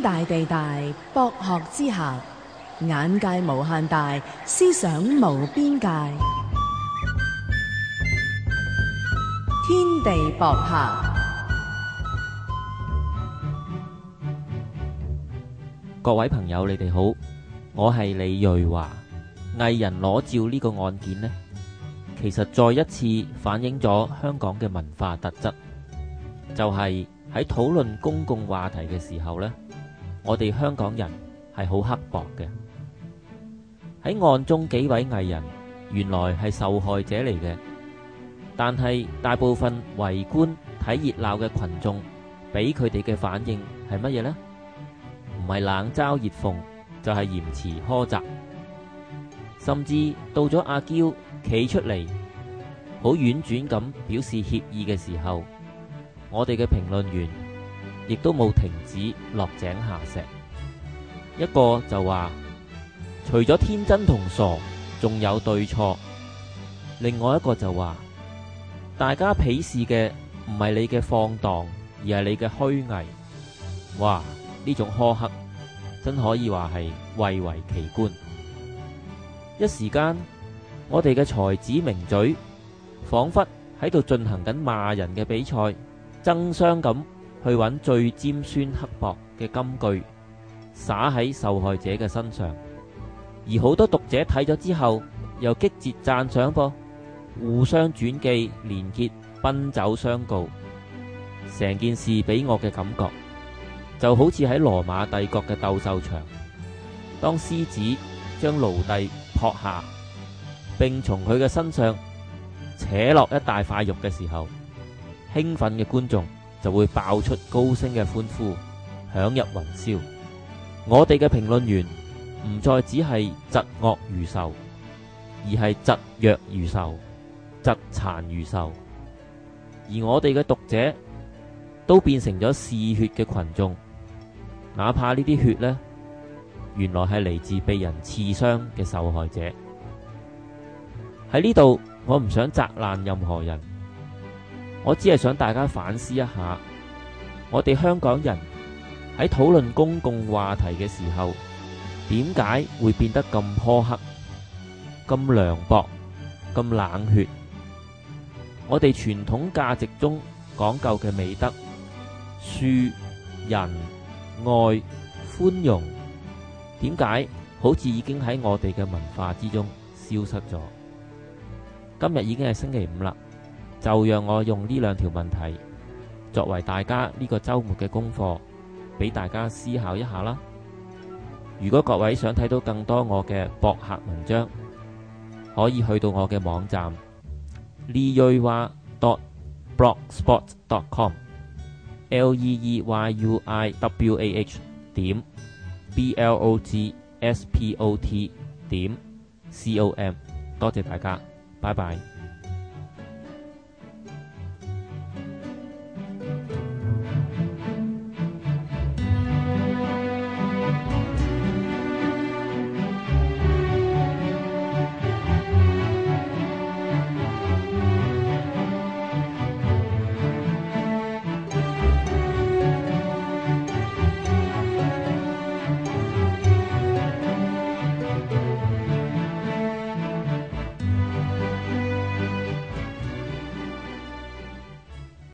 天大地大，博學之下眼界無限大，思想無邊界。天地博客，各位朋友，你哋好，我係李銳華。藝人裸照呢個案件呢，其實再一次反映咗香港嘅文化特質，就係喺討論公共話題嘅時候呢。我哋香港人係好刻薄嘅，喺案中幾位藝人原來係受害者嚟嘅，但係大部分圍觀睇熱鬧嘅群衆，俾佢哋嘅反應是什麼呢，係乜嘢咧？唔係冷嘲熱諷，就係言辭苛責，甚至到咗阿嬌企出嚟，好婉轉咁表示歉意嘅時候，我哋嘅評論員。亦都冇停止落井下石。一個就話除咗天真同傻，仲有對錯。另外一個就話大家鄙視嘅唔係你嘅放蕩，而係你嘅虛偽。哇！呢種苛刻真可以話係蔚為奇觀。一時間我哋嘅才子名嘴仿佛喺度進行緊罵人嘅比賽，爭相咁。去揾最尖酸刻薄嘅金句，灑喺受害者嘅身上，而好多讀者睇咗之後又擊節讚賞噃，互相轉寄連結，奔走相告。成件事俾我嘅感覺，就好似喺羅馬帝國嘅鬥獸場，當獅子將奴隸撲下，並從佢嘅身上扯落一大塊肉嘅時候，興奮嘅觀眾就會爆出高聲嘅歡呼，響入雲霄。我哋嘅評論員唔再只係疾惡如仇，而係疾弱如仇、疾殘如仇。而我哋嘅讀者都變成咗嗜血嘅群眾，哪怕呢啲血呢，原來係嚟自被人刺傷嘅受害者。喺呢度，我唔想責難任何人。我只係想大家反思一下，我哋香港人喺討論公共話題嘅時候，點解會變得咁苛刻、咁涼薄、咁冷血？我哋傳統價值中講究嘅美德、恕、仁、愛、寬容，點解好似已經喺我哋嘅文化之中消失咗？今日已經係星期五啦。就讓我用呢兩條問題作為大家呢個周末嘅功課，俾大家思考一下啦。如果各位想睇到更多我嘅博客文章，可以去到我嘅網站 leeyuiwah.blogspot.com。l e e y u i w a h 點 b l o g s p o t 點 c o m。多謝大家，拜拜。